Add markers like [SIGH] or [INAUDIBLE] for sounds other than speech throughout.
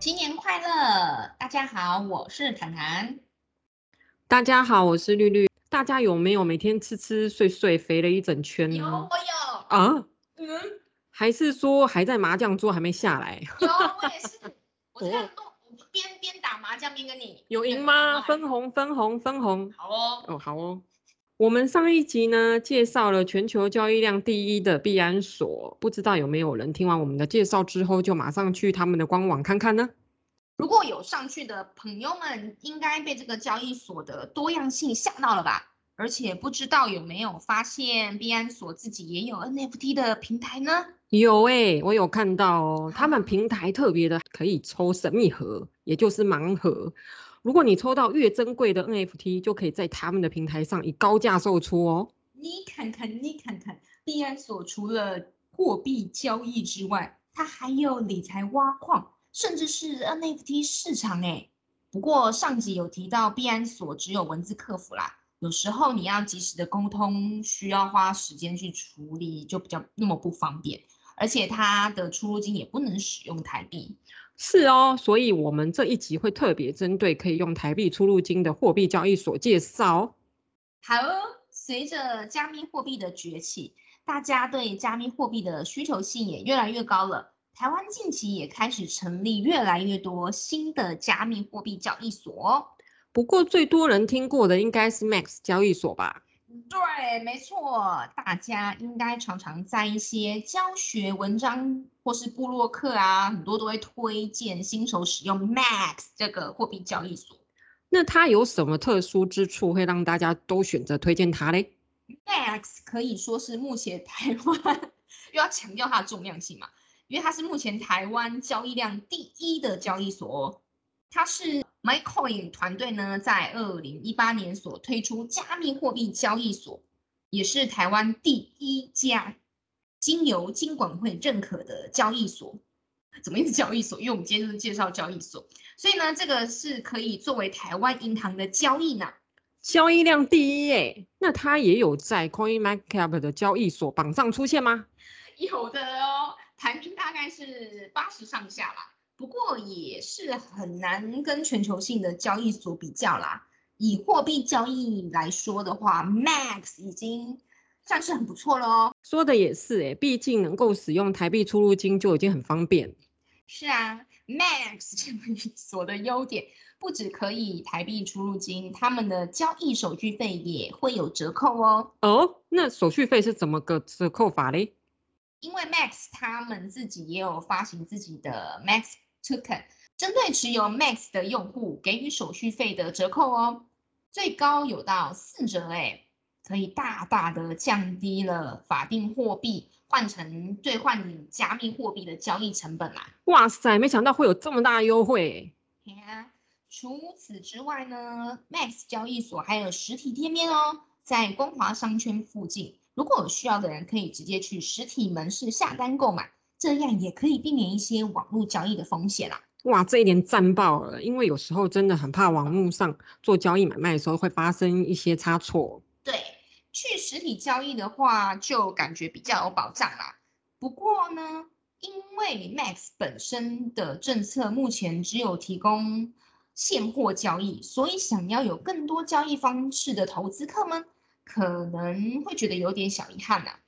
新年快樂！大家好，我是譚譚。英文大家好，我是綠綠。大家有沒有每天吃吃睡睡肥了一整圈呢？有，我有啊。嗯，還是說還在麻將桌還沒下來？ [LAUGHS] 有，我也是。我在邊邊、啊、打麻將邊跟你有贏嗎？分紅，分紅，分紅。好哦，哦，好哦。我們上一集呢，介紹了全球交易量第一的幣安所，不知道有沒有人聽完我們的介紹之後就馬上去他們的官網看看呢？如果有上去的朋友們，應該被這個交易所的多樣性嚇到了吧？而且不知道有沒有發現幣安所自己也有 NFT 的平台呢？有哎、欸，我有看到哦，他們平台特別的可以抽神秘盒，也就是盲盒。如果你抽到越珍貴的 NFT，就可以在他們的平台上以高價售出哦。你看看，你看看，幣安所除了貨幣交易之外，它還有理財、挖礦，甚至是 NFT 市場。哎，不過上集有提到，幣安所只有文字客服啦，有時候你要及時的溝通，需要花時間去處理，就比較那麼不方便。而且它的出入金也不能使用台幣。是哦，所以我們這一集會特別針對可以用台幣出入金的貨幣交易所介紹。好哦，隨着加密貨幣的崛起，大家對加密貨幣的需求性也越來越高了。臺灣近期也開始成立越來越多新的加密貨幣交易所。不過最多人聽過的應該是 Max 交易所吧。對，沒錯，大家應該常常在一些教學文章或是部落客啊，很多都會推薦新手使用 Max 這個貨幣交易所。那它有什麼特殊之處，會讓大家都選擇推薦它嘞？Max 可以說是目前台灣，又要強調它的重量性嘛，因為它是目前台灣交易量第一的交易所，它是。Mycoin 團隊呢，在二零一八年所推出加密貨幣交易所，也是台灣第一家經由金管會認可的交易所。怎麼意思？交易所？因為我們今天就是介紹交易所，所以呢，這個是可以作為台灣銀行的交易呢，交易量第一耶，那它也有在 CoinMarketCap 的交易所榜上出現嗎？有的哦，排名大概是八十上下吧。不過也是很難跟全球性的交易所比較啦。以貨幣交易來說的話，Max 已經算是很不錯咯。說的也是，哎，畢竟能夠使用台幣出入金就已經很方便。是啊，Max 交 [LAUGHS] 易所的優點不止可以台幣出入金，他們的交易手續費也會有折扣哦。哦，那手續費是怎麼個折扣法嘞？因為 Max 他們自己也有發行自己的 Max。Token 針對持有 Max 的用戶給予手續費的折扣哦，最高有到四折誒，可以大大的降低了法定貨幣換成兌換加密貨幣的交易成本啦、啊。哇塞，沒想到會有這麼大的優惠。Yeah, 除此之外呢，Max 交易所還有實體店面哦，在光華商圈附近，如果有需要的人可以直接去實體門市下單購買。這樣也可以避免一些網絡交易的風險啦、啊。哇，這一點讚爆了！因為有時候真的很怕網絡上做交易買賣的時候會發生一些差錯。對，去實體交易的話就感覺比較有保障啦。不過呢，因為 Max 本身的政策目前只有提供現貨交易，所以想要有更多交易方式的投資客們可能會覺得有點小遺憾啦。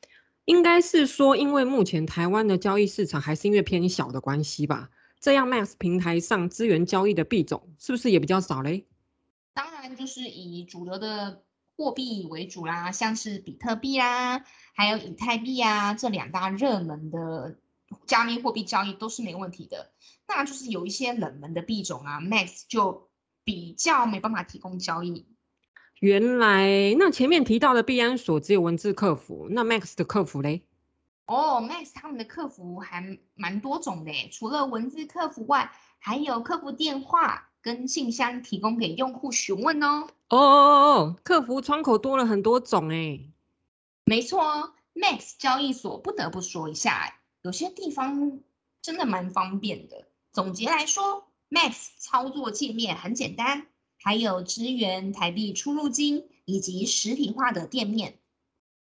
應該是說，因為目前台灣的交易市場還是因為偏小的關係吧，這樣 Max 平台上支援交易的幣種是不是也比較少呢？當然，就是以主流的貨幣為主啦，啊，像是比特幣啦，啊，還有以太幣啊，這兩大熱門的加密貨幣交易都是沒問題的。那就是有一些冷門的幣種啊，Max 就比較沒辦法提供交易。原來，那前面提到的幣安所只有文字客服，那 Max 的客服嘞？哦，Oh，Max 他們的客服還蠻多種的，除了文字客服外，還有客服電話跟信箱提供給用戶詢問哦。哦哦哦哦，客服窗口多了很多種哎。沒錯，Max 交易所不得不說一下，有些地方真的蠻方便的。總結來說，Max 操作界面很簡單。還有支援台幣出入金以及實體化的店面，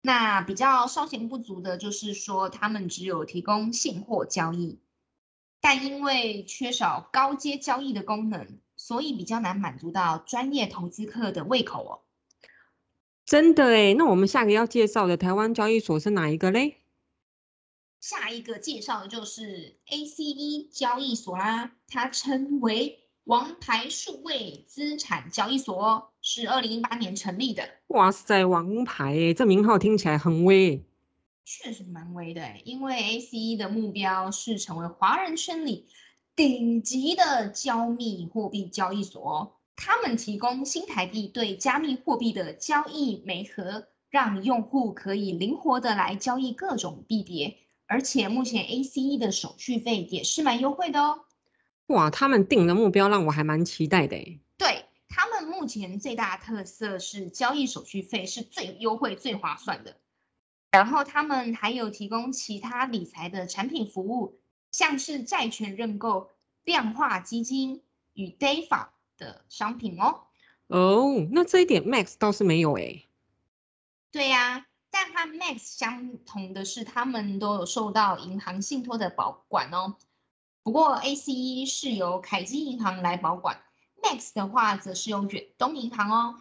那比較稍嫌不足的就是說，他們只有提供現貨交易，但因為缺少高階交易的功能，所以比較難滿足到專業投資客的胃口哦。真的哎，那我們下個要介紹的台灣交易所是哪一個嘞？下一個介紹的就是 ACE 交易所啦，它稱為。王牌數位資產交易所是二零一八年成立的。哇塞，王牌這名號聽起來很威，確實蠻威的。因為 ACE 的目標是成為華人圈裡頂級的加密貨幣交易所。他們提供新台幣對加密貨幣的交易媒合，讓用戶可以靈活的來交易各種幣別。而且目前 ACE 的手續費也是蠻優惠的哦。哇，他們定的目標讓我還蠻期待的哎。對，他們目前最大特色是交易手續費是最優惠最划算的，然後他們還有提供其他理財的產品服務，像是債權認購、量化基金與 DeFi 的商品哦。哦，那這一點 Max 倒是沒有哎。對呀、啊，但和 Max 相同的是，他們都有受到銀行信托的保管哦。不過 A C E 是由凱基銀行來保管，Max 的話則是用遠東銀行哦。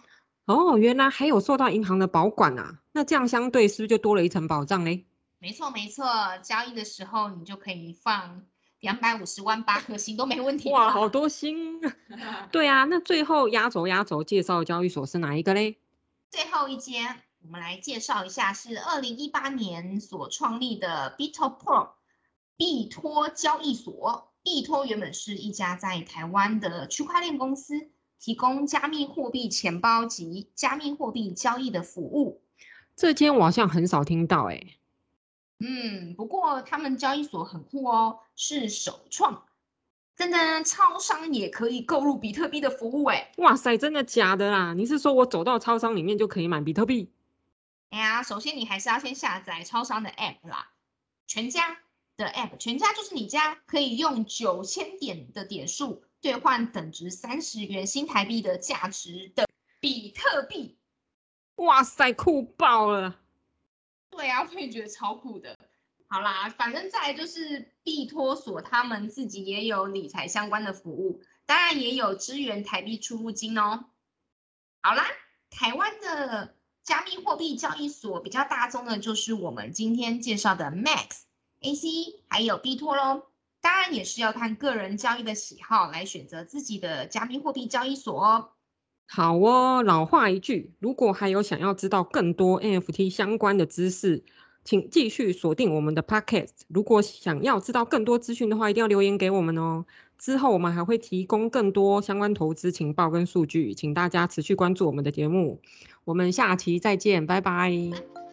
哦，原來還有受到銀行的保管啊？那這樣相對是不是就多了一層保障嘞？沒錯沒錯，交易的時候你就可以放兩百五十萬八顆星都沒問題。哇，好多星！ [LAUGHS] [LAUGHS] 對啊，那最後壓軸壓軸介紹交易所是哪一個嘞？最後一間，我們來介紹一下，是二零一八年所創立的 BitoPro。幣託交易所，幣託原本是一家在台灣的區塊鏈公司，提供加密貨幣錢包及加密貨幣交易的服務。這間我好像很少聽到欸。嗯，不過他們交易所很酷哦，是首創，真的，超商也可以購入比特幣的服務欸。哇塞，真的假的啦？你是說我走到超商裡面就可以買比特幣？哎呀，首先你還是要先下載超商的 App 啦，全家。的 App 全家就是你家可以用九千點的點數兌換等值三十元新台幣的價值的比特幣，哇塞，酷爆了！對啊，我也覺得超酷的。好啦，反正再就是幣托所，他們自己也有理財相關的服務，當然也有支援台幣出入金哦。好啦，台灣的加密貨幣交易所比較大宗的，就是我們今天介紹的 Max。A C 還有幣託咯，當然也是要看個人交易的喜好來選擇自己的加密貨幣交易所哦。好哦，老話一句，如果還有想要知道更多 N F T 相關的知識，請繼續鎖定我們的 podcast。如果想要知道更多資訊的話，一定要留言給我們哦。之後我們還會提供更多相關投資情報跟數據，請大家持續關注我們的節目。我們下期再見，拜拜。拜拜。